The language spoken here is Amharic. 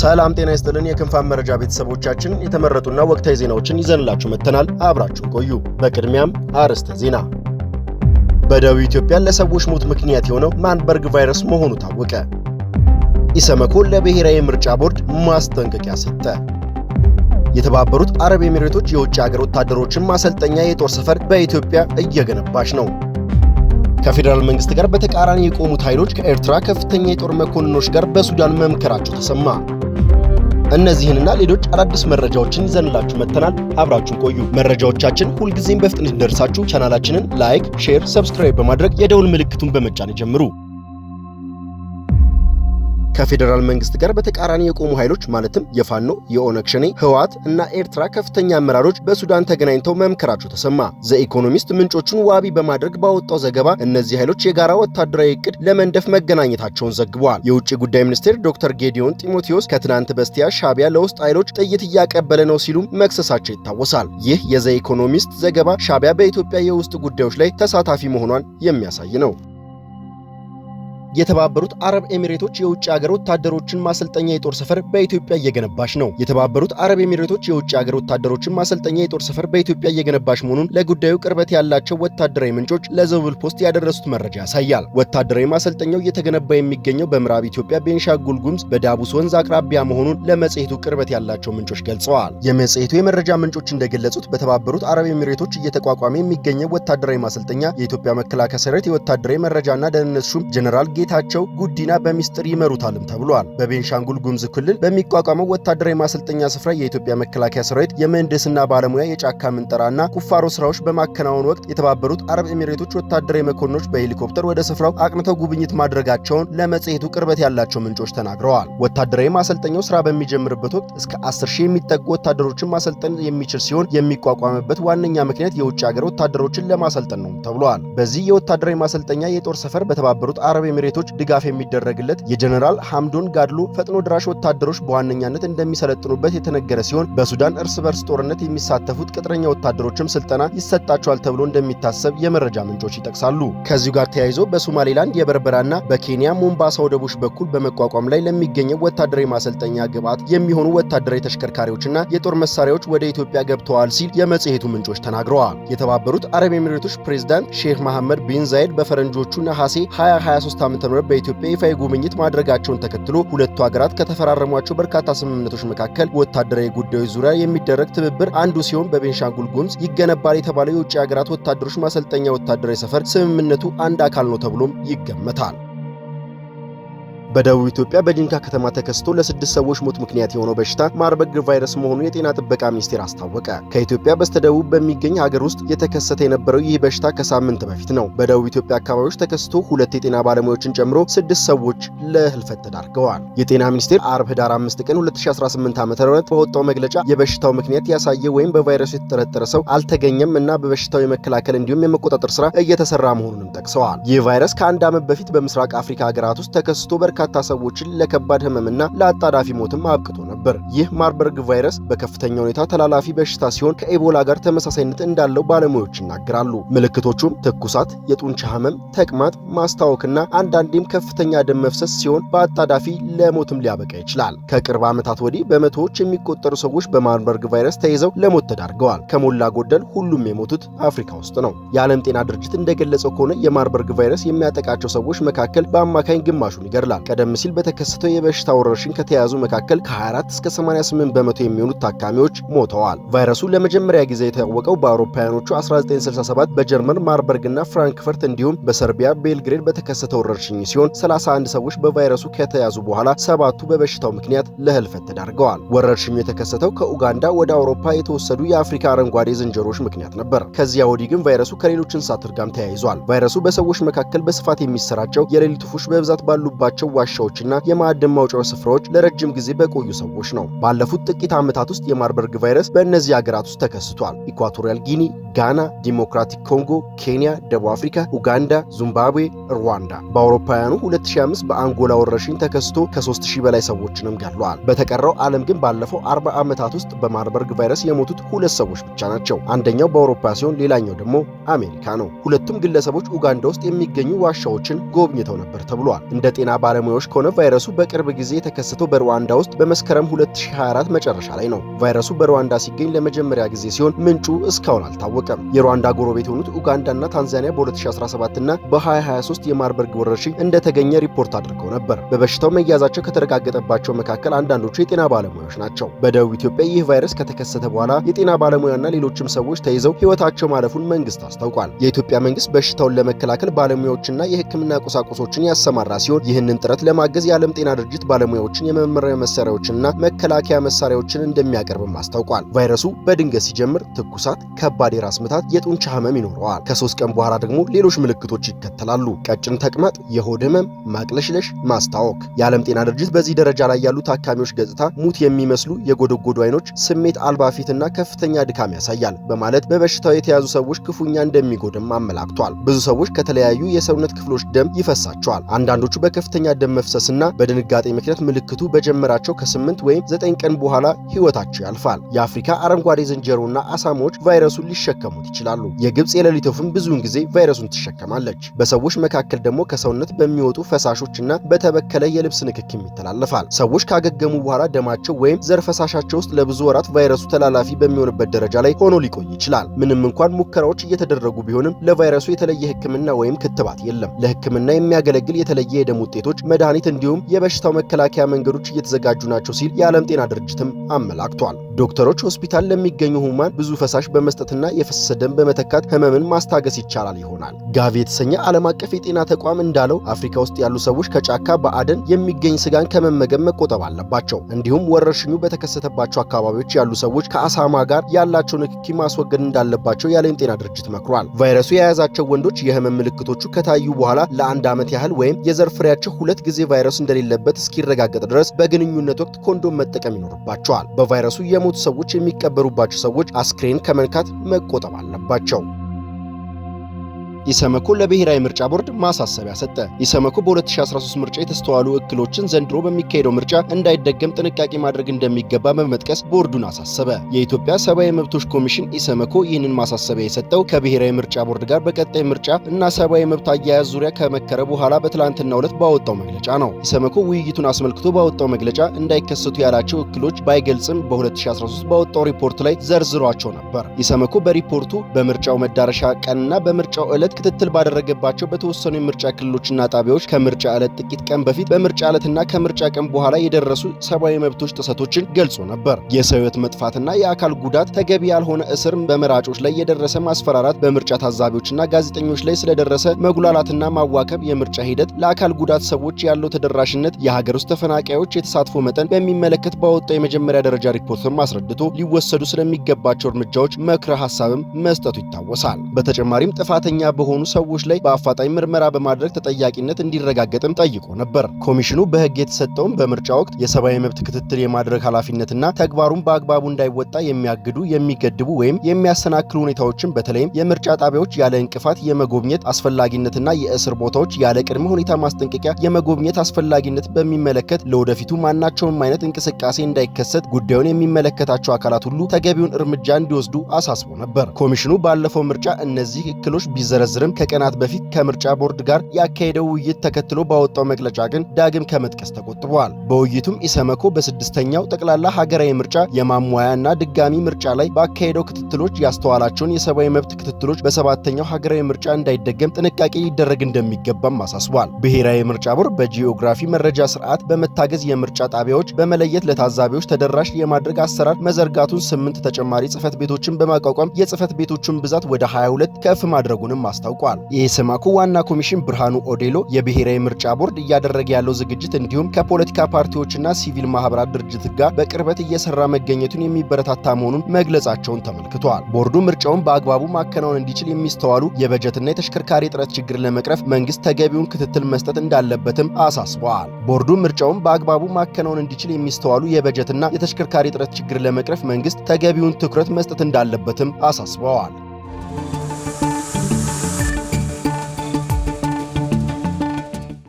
ሰላም ጤና ይስጥልን። የክንፋን መረጃ ቤተሰቦቻችን የተመረጡና ወቅታዊ ዜናዎችን ይዘንላችሁ መጥተናል። አብራችሁን ቆዩ። በቅድሚያም አርዕስተ ዜና። በደቡብ ኢትዮጵያ ለሰዎች ሞት ምክንያት የሆነው ማንበርግ ቫይረስ መሆኑ ታወቀ። ኢሰመኮ ለብሔራዊ ምርጫ ቦርድ ማስጠንቀቂያ ሰጠ። የተባበሩት አረብ ኤሚሬቶች የውጭ ሀገር ወታደሮችን ማሰልጠኛ የጦር ሰፈር በኢትዮጵያ እየገነባች ነው። ከፌዴራል መንግስት ጋር በተቃራኒ የቆሙት ኃይሎች ከኤርትራ ከፍተኛ የጦር መኮንኖች ጋር በሱዳን መምከራቸው ተሰማ። እነዚህንና ሌሎች አዳዲስ መረጃዎችን ይዘንላችሁ መጥተናል። አብራችሁን ቆዩ። መረጃዎቻችን ሁልጊዜም በፍጥነት ደርሳችሁ ቻናላችንን ላይክ፣ ሼር፣ ሰብስክራይብ በማድረግ የደውል ምልክቱን በመጫን ጀምሩ ከፌዴራል መንግስት ጋር በተቃራኒ የቆሙ ኃይሎች ማለትም የፋኖ፣ የኦነግ ሸኔ፣ ህወሓት እና ኤርትራ ከፍተኛ አመራሮች በሱዳን ተገናኝተው መምከራቸው ተሰማ። ዘኢኮኖሚስት ምንጮቹን ዋቢ በማድረግ ባወጣው ዘገባ እነዚህ ኃይሎች የጋራ ወታደራዊ እቅድ ለመንደፍ መገናኘታቸውን ዘግበዋል። የውጭ ጉዳይ ሚኒስቴር ዶክተር ጌዲዮን ጢሞቴዎስ ከትናንት በስቲያ ሻቢያ ለውስጥ ኃይሎች ጥይት እያቀበለ ነው ሲሉም መክሰሳቸው ይታወሳል። ይህ የዘኢኮኖሚስት ዘገባ ሻቢያ በኢትዮጵያ የውስጥ ጉዳዮች ላይ ተሳታፊ መሆኗን የሚያሳይ ነው። የተባበሩት አረብ ኤሚሬቶች የውጭ ሀገር ወታደሮችን ማሰልጠኛ የጦር ሰፈር በኢትዮጵያ እየገነባች ነው። የተባበሩት አረብ ኤሚሬቶች የውጭ ሀገር ወታደሮችን ማሰልጠኛ የጦር ሰፈር በኢትዮጵያ እየገነባች መሆኑን ለጉዳዩ ቅርበት ያላቸው ወታደራዊ ምንጮች ለዘብል ፖስት ያደረሱት መረጃ ያሳያል። ወታደራዊ ማሰልጠኛው እየተገነባ የሚገኘው በምዕራብ ኢትዮጵያ ቤንሻንጉል ጉሙዝ በዳቡስ ወንዝ አቅራቢያ መሆኑን ለመጽሔቱ ቅርበት ያላቸው ምንጮች ገልጸዋል። የመጽሔቱ የመረጃ ምንጮች እንደገለጹት በተባበሩት አረብ ኤሚሬቶች እየተቋቋመ የሚገኘው ወታደራዊ ማሰልጠኛ የኢትዮጵያ መከላከያ ሰራዊት የወታደራዊ መረጃና ደህንነት ሹም ጀነራል ጌታቸው ጉዲና በሚስጥር ይመሩታልም ተብሏል። በቤንሻንጉል ጉምዝ ክልል በሚቋቋመው ወታደራዊ ማሰልጠኛ ስፍራ የኢትዮጵያ መከላከያ ሰራዊት የምህንድስና ባለሙያ የጫካ ምንጠራና ቁፋሮ ስራዎች በማከናወን ወቅት የተባበሩት አረብ ኤሚሬቶች ወታደራዊ መኮንኖች በሄሊኮፕተር ወደ ስፍራው አቅንተው ጉብኝት ማድረጋቸውን ለመጽሔቱ ቅርበት ያላቸው ምንጮች ተናግረዋል። ወታደራዊ ማሰልጠኛው ስራ በሚጀምርበት ወቅት እስከ 10 ሺህ የሚጠጉ ወታደሮችን ማሰልጠን የሚችል ሲሆን የሚቋቋምበት ዋነኛ ምክንያት የውጭ ሀገር ወታደሮችን ለማሰልጠን ነው ተብሏል። በዚህ የወታደራዊ ማሰልጠኛ የጦር ሰፈር በተባበሩት አረብ ኤሚሬቶች ቤቶች ድጋፍ የሚደረግለት የጀነራል ሐምዶን ጋድሎ ፈጥኖ ድራሽ ወታደሮች በዋነኛነት እንደሚሰለጥኑበት የተነገረ ሲሆን በሱዳን እርስ በርስ ጦርነት የሚሳተፉት ቅጥረኛ ወታደሮችም ስልጠና ይሰጣቸዋል ተብሎ እንደሚታሰብ የመረጃ ምንጮች ይጠቅሳሉ። ከዚሁ ጋር ተያይዞ በሶማሌላንድ የበርበራና በኬንያ ሞምባሳ ወደቦች በኩል በመቋቋም ላይ ለሚገኘው ወታደራዊ ማሰልጠኛ ግብዓት የሚሆኑ ወታደራዊ ተሽከርካሪዎችና የጦር መሳሪያዎች ወደ ኢትዮጵያ ገብተዋል ሲል የመጽሔቱ ምንጮች ተናግረዋል። የተባበሩት አረብ ኤሚሬቶች ፕሬዝዳንት ሼህ መሐመድ ቢን ዛይድ በፈረንጆቹ ነሐሴ 2023 ዓ ዋሽንግተን በኢትዮጵያ ይፋዊ ጉብኝት ማድረጋቸውን ተከትሎ ሁለቱ ሀገራት ከተፈራረሟቸው በርካታ ስምምነቶች መካከል ወታደራዊ ጉዳዮች ዙሪያ የሚደረግ ትብብር አንዱ ሲሆን በቤንሻንጉል ጉምዝ ይገነባል የተባለው የውጭ ሀገራት ወታደሮች ማሰልጠኛ ወታደራዊ ሰፈር ስምምነቱ አንድ አካል ነው ተብሎም ይገመታል። በደቡብ ኢትዮጵያ በጂንካ ከተማ ተከስቶ ለስድስት ሰዎች ሞት ምክንያት የሆነው በሽታ ማርበርግ ቫይረስ መሆኑን የጤና ጥበቃ ሚኒስቴር አስታወቀ። ከኢትዮጵያ በስተደቡብ በሚገኝ ሀገር ውስጥ የተከሰተ የነበረው ይህ በሽታ ከሳምንት በፊት ነው። በደቡብ ኢትዮጵያ አካባቢዎች ተከስቶ ሁለት የጤና ባለሙያዎችን ጨምሮ ስድስት ሰዎች ለህልፈት ተዳርገዋል። የጤና ሚኒስቴር አርብ ህዳር 5 ቀን 2018 ዓ.ም በወጣው መግለጫ የበሽታው ምክንያት ያሳየ ወይም በቫይረሱ የተጠረጠረ ሰው አልተገኘም እና በበሽታው የመከላከል እንዲሁም የመቆጣጠር ስራ እየተሰራ መሆኑንም ጠቅሰዋል። ይህ ቫይረስ ከአንድ ዓመት በፊት በምስራቅ አፍሪካ ሀገራት ውስጥ ተከስቶ በርካ በርካታ ሰዎችን ለከባድ ህመምና ለአጣዳፊ ሞትም አብቅቶ ነበር። ይህ ማርበርግ ቫይረስ በከፍተኛ ሁኔታ ተላላፊ በሽታ ሲሆን ከኤቦላ ጋር ተመሳሳይነት እንዳለው ባለሙያዎች ይናገራሉ። ምልክቶቹም ትኩሳት፣ የጡንቻ ህመም፣ ተቅማጥ፣ ማስታወክና አንዳንዴም ከፍተኛ ደም መፍሰስ ሲሆን በአጣዳፊ ለሞትም ሊያበቃ ይችላል። ከቅርብ ዓመታት ወዲህ በመቶዎች የሚቆጠሩ ሰዎች በማርበርግ ቫይረስ ተይዘው ለሞት ተዳርገዋል። ከሞላ ጎደል ሁሉም የሞቱት አፍሪካ ውስጥ ነው። የዓለም ጤና ድርጅት እንደገለጸው ከሆነ የማርበርግ ቫይረስ የሚያጠቃቸው ሰዎች መካከል በአማካኝ ግማሹን ይገድላል። ቀደም ሲል በተከሰተው የበሽታ ወረርሽኝ ከተያዙ መካከል ከ24 እስከ 88 በመቶ የሚሆኑት ታካሚዎች ሞተዋል። ቫይረሱ ለመጀመሪያ ጊዜ የታወቀው በአውሮፓውያኖቹ 1967 በጀርመን ማርበርግ እና ፍራንክፈርት እንዲሁም በሰርቢያ ቤልግሬድ በተከሰተው ወረርሽኝ ሲሆን 31 ሰዎች በቫይረሱ ከተያዙ በኋላ ሰባቱ በበሽታው ምክንያት ለህልፈት ተዳርገዋል። ወረርሽኙ የተከሰተው ከኡጋንዳ ወደ አውሮፓ የተወሰዱ የአፍሪካ አረንጓዴ ዝንጀሮች ምክንያት ነበር። ከዚያ ወዲህ ግን ቫይረሱ ከሌሎች እንስሳት ጋር ተያይዟል። ቫይረሱ በሰዎች መካከል በስፋት የሚሰራጨው የሌሊት ወፎች በብዛት ባሉባቸው ዋሻዎችና የማዕድን ማውጫው ስፍራዎች ለረጅም ጊዜ በቆዩ ሰዎች ነው። ባለፉት ጥቂት ዓመታት ውስጥ የማርበርግ ቫይረስ በእነዚህ ሀገራት ውስጥ ተከስቷል። ኢኳቶሪያል ጊኒ፣ ጋና፣ ዲሞክራቲክ ኮንጎ፣ ኬንያ፣ ደቡብ አፍሪካ፣ ኡጋንዳ፣ ዚምባብዌ፣ ሩዋንዳ። በአውሮፓውያኑ 2005 በአንጎላ ወረርሽኝ ተከስቶ ከ3000 በላይ ሰዎችንም ገድሏል። በተቀረው ዓለም ግን ባለፈው 40 ዓመታት ውስጥ በማርበርግ ቫይረስ የሞቱት ሁለት ሰዎች ብቻ ናቸው። አንደኛው በአውሮፓ ሲሆን ሌላኛው ደግሞ አሜሪካ ነው። ሁለቱም ግለሰቦች ኡጋንዳ ውስጥ የሚገኙ ዋሻዎችን ጎብኝተው ነበር ተብሏል። እንደ ጤና ባለሙያ ባለሙያዎች ከሆነ ቫይረሱ በቅርብ ጊዜ የተከሰተው በሩዋንዳ ውስጥ በመስከረም 2024 መጨረሻ ላይ ነው። ቫይረሱ በሩዋንዳ ሲገኝ ለመጀመሪያ ጊዜ ሲሆን ምንጩ እስካሁን አልታወቀም። የሩዋንዳ ጎረቤት የሆኑት ኡጋንዳና ታንዛኒያ በ2017 እና በ2023 የማርበርግ ወረርሽኝ እንደተገኘ ሪፖርት አድርገው ነበር። በበሽታው መያዛቸው ከተረጋገጠባቸው መካከል አንዳንዶቹ የጤና ባለሙያዎች ናቸው። በደቡብ ኢትዮጵያ ይህ ቫይረስ ከተከሰተ በኋላ የጤና ባለሙያና ሌሎችም ሰዎች ተይዘው ሕይወታቸው ማለፉን መንግስት አስታውቋል። የኢትዮጵያ መንግስት በሽታውን ለመከላከል ባለሙያዎችና የሕክምና ቁሳቁሶችን ያሰማራ ሲሆን ይህንን ጥረት ልማት ለማገዝ የዓለም ጤና ድርጅት ባለሙያዎችን የመመሪያ መሳሪያዎችንና መከላከያ መሳሪያዎችን እንደሚያቀርብም አስታውቋል። ቫይረሱ በድንገት ሲጀምር ትኩሳት፣ ከባድ የራስ ምታት፣ የጡንቻ ህመም ይኖረዋል። ከሶስት ቀን በኋላ ደግሞ ሌሎች ምልክቶች ይከተላሉ። ቀጭን ተቅማጥ፣ የሆድ ህመም፣ ማቅለሽለሽ፣ ማስታወክ። የዓለም ጤና ድርጅት በዚህ ደረጃ ላይ ያሉ ታካሚዎች ገጽታ ሙት የሚመስሉ የጎደጎዱ አይኖች፣ ስሜት አልባ ፊትና ከፍተኛ ድካም ያሳያል በማለት በበሽታው የተያዙ ሰዎች ክፉኛ እንደሚጎድም አመላክቷል። ብዙ ሰዎች ከተለያዩ የሰውነት ክፍሎች ደም ይፈሳቸዋል። አንዳንዶቹ በከፍተኛ ደም የደም መፍሰስና በድንጋጤ ምክንያት ምልክቱ በጀመራቸው ከስምንት ወይም ዘጠኝ ቀን በኋላ ህይወታቸው ያልፋል። የአፍሪካ አረንጓዴ ዝንጀሮና አሳማዎች ቫይረሱን ሊሸከሙት ይችላሉ። የግብፅ የሌሊት ወፍም ብዙውን ጊዜ ቫይረሱን ትሸከማለች። በሰዎች መካከል ደግሞ ከሰውነት በሚወጡ ፈሳሾችና በተበከለ የልብስ ንክኪም ይተላለፋል። ሰዎች ካገገሙ በኋላ ደማቸው ወይም ዘር ፈሳሻቸው ውስጥ ለብዙ ወራት ቫይረሱ ተላላፊ በሚሆንበት ደረጃ ላይ ሆኖ ሊቆይ ይችላል። ምንም እንኳን ሙከራዎች እየተደረጉ ቢሆንም ለቫይረሱ የተለየ ህክምና ወይም ክትባት የለም። ለህክምና የሚያገለግል የተለየ የደም ውጤቶች መድኃኒት እንዲሁም የበሽታው መከላከያ መንገዶች እየተዘጋጁ ናቸው ሲል የዓለም ጤና ድርጅትም አመላክቷል። ዶክተሮች ሆስፒታል ለሚገኙ ህሙማን ብዙ ፈሳሽ በመስጠትና የፈሰሰ ደም በመተካት ህመምን ማስታገስ ይቻላል ይሆናል። ጋቪ የተሰኘ ዓለም አቀፍ የጤና ተቋም እንዳለው አፍሪካ ውስጥ ያሉ ሰዎች ከጫካ በአደን የሚገኝ ስጋን ከመመገብ መቆጠብ አለባቸው። እንዲሁም ወረርሽኙ በተከሰተባቸው አካባቢዎች ያሉ ሰዎች ከአሳማ ጋር ያላቸው ንክኪ ማስወገድ እንዳለባቸው የዓለም ጤና ድርጅት መክሯል። ቫይረሱ የያዛቸው ወንዶች የህመም ምልክቶቹ ከታዩ በኋላ ለአንድ ዓመት ያህል ወይም የዘር ፍሬያቸው ሁለት የመውለድ ጊዜ ቫይረሱ እንደሌለበት እስኪረጋገጥ ድረስ በግንኙነት ወቅት ኮንዶም መጠቀም ይኖርባቸዋል። በቫይረሱ የሞቱ ሰዎች የሚቀበሩባቸው ሰዎች አስክሬን ከመንካት መቆጠብ አለባቸው። ኢሰመኮ ለብሔራዊ ምርጫ ቦርድ ማሳሰቢያ ሰጠ። ኢሰመኮ በ2013 ምርጫ የተስተዋሉ እክሎችን ዘንድሮ በሚካሄደው ምርጫ እንዳይደገም ጥንቃቄ ማድረግ እንደሚገባ በመጥቀስ ቦርዱን አሳሰበ። የኢትዮጵያ ሰብአዊ መብቶች ኮሚሽን ኢሰመኮ ይህንን ማሳሰቢያ የሰጠው ከብሔራዊ ምርጫ ቦርድ ጋር በቀጣይ ምርጫ እና ሰብአዊ መብት አያያዝ ዙሪያ ከመከረ በኋላ በትላንትናው ዕለት ባወጣው መግለጫ ነው። ኢሰመኮ ውይይቱን አስመልክቶ ባወጣው መግለጫ እንዳይከሰቱ ያላቸው እክሎች ባይገልጽም በ2013 ባወጣው ሪፖርት ላይ ዘርዝሯቸው ነበር። ኢሰመኮ በሪፖርቱ በምርጫው መዳረሻ ቀንና በምርጫው ዕለት ዓመት ክትትል ባደረገባቸው በተወሰኑ የምርጫ ክልሎችና ጣቢያዎች ከምርጫ ዕለት ጥቂት ቀን በፊት በምርጫ ዕለትና ከምርጫ ቀን በኋላ የደረሱ ሰብአዊ መብቶች ጥሰቶችን ገልጾ ነበር። የሰው ሕይወት መጥፋትና የአካል ጉዳት፣ ተገቢ ያልሆነ እስር፣ በመራጮች ላይ የደረሰ ማስፈራራት፣ በምርጫ ታዛቢዎችና ጋዜጠኞች ላይ ስለደረሰ መጉላላትና ማዋከብ፣ የምርጫ ሂደት፣ ለአካል ጉዳት ሰዎች ያለው ተደራሽነት፣ የሀገር ውስጥ ተፈናቃዮች የተሳትፎ መጠን በሚመለከት ባወጣው የመጀመሪያ ደረጃ ሪፖርትም አስረድቶ ሊወሰዱ ስለሚገባቸው እርምጃዎች መክረ ሀሳብም መስጠቱ ይታወሳል። በተጨማሪም ጥፋተኛ በሆኑ ሰዎች ላይ በአፋጣኝ ምርመራ በማድረግ ተጠያቂነት እንዲረጋገጥም ጠይቆ ነበር። ኮሚሽኑ በህግ የተሰጠውን በምርጫ ወቅት የሰብአዊ መብት ክትትል የማድረግ ኃላፊነትና ተግባሩን በአግባቡ እንዳይወጣ የሚያግዱ የሚገድቡ ወይም የሚያሰናክሉ ሁኔታዎችን በተለይም የምርጫ ጣቢያዎች ያለ እንቅፋት የመጎብኘት አስፈላጊነትና የእስር ቦታዎች ያለ ቅድመ ሁኔታ ማስጠንቀቂያ የመጎብኘት አስፈላጊነት በሚመለከት ለወደፊቱ ማናቸውም አይነት እንቅስቃሴ እንዳይከሰት ጉዳዩን የሚመለከታቸው አካላት ሁሉ ተገቢውን እርምጃ እንዲወስዱ አሳስቦ ነበር። ኮሚሽኑ ባለፈው ምርጫ እነዚህ እክሎች ቢዘረዝ ዝርም ከቀናት በፊት ከምርጫ ቦርድ ጋር ያካሄደው ውይይት ተከትሎ ባወጣው መግለጫ ግን ዳግም ከመጥቀስ ተቆጥበዋል። በውይይቱም ኢሰመኮ በስድስተኛው ጠቅላላ ሀገራዊ ምርጫ እና ድጋሚ ምርጫ ላይ ባካሄደው ክትትሎች ያስተዋላቸውን የሰብአዊ መብት ክትትሎች በሰባተኛው ሀገራዊ ምርጫ እንዳይደገም ጥንቃቄ ሊደረግ እንደሚገባም አሳስቧል። ብሔራዊ ምርጫ ቦርድ በጂኦግራፊ መረጃ ስርዓት በመታገዝ የምርጫ ጣቢያዎች በመለየት ለታዛቢዎች ተደራሽ የማድረግ አሰራር መዘርጋቱን፣ ስምንት ተጨማሪ ጽህፈት ቤቶችን በማቋቋም የጽህፈት ቤቶቹን ብዛት ወደ 22 ከፍ ማድረጉንም አስ አስታውቋል። የኢሰማኮ ዋና ኮሚሽን ብርሃኑ ኦዴሎ የብሔራዊ ምርጫ ቦርድ እያደረገ ያለው ዝግጅት እንዲሁም ከፖለቲካ ፓርቲዎችና ሲቪል ማህበራት ድርጅት ጋር በቅርበት እየሰራ መገኘቱን የሚበረታታ መሆኑን መግለጻቸውን ተመልክቷል። ቦርዱ ምርጫውን በአግባቡ ማከናወን እንዲችል የሚስተዋሉ የበጀትና የተሽከርካሪ እጥረት ችግር ለመቅረፍ መንግስት ተገቢውን ክትትል መስጠት እንዳለበትም አሳስበዋል። ቦርዱ ምርጫውን በአግባቡ ማከናወን እንዲችል የሚስተዋሉ የበጀትና የተሽከርካሪ እጥረት ችግር ለመቅረፍ መንግስት ተገቢውን ትኩረት መስጠት እንዳለበትም አሳስበዋል።